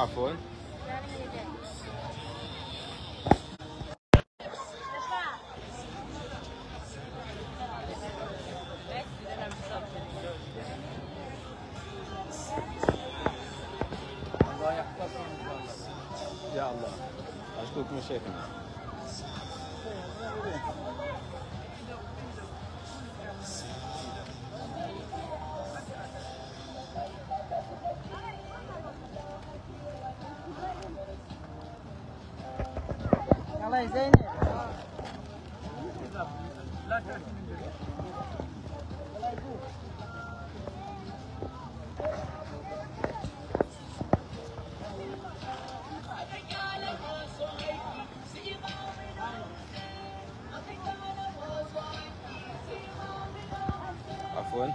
Afon. Ya Allah. Aşk okuma şey yapayım. lại dễ nè Afwan.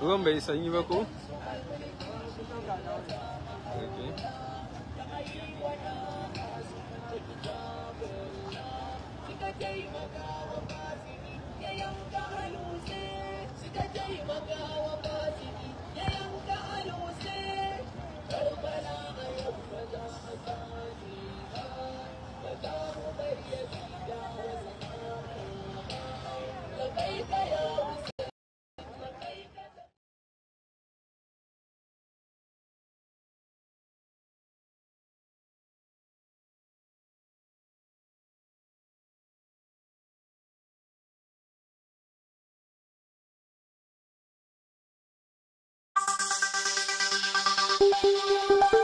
ruwan bai sanyi ba ko taimakawa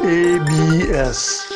ABS.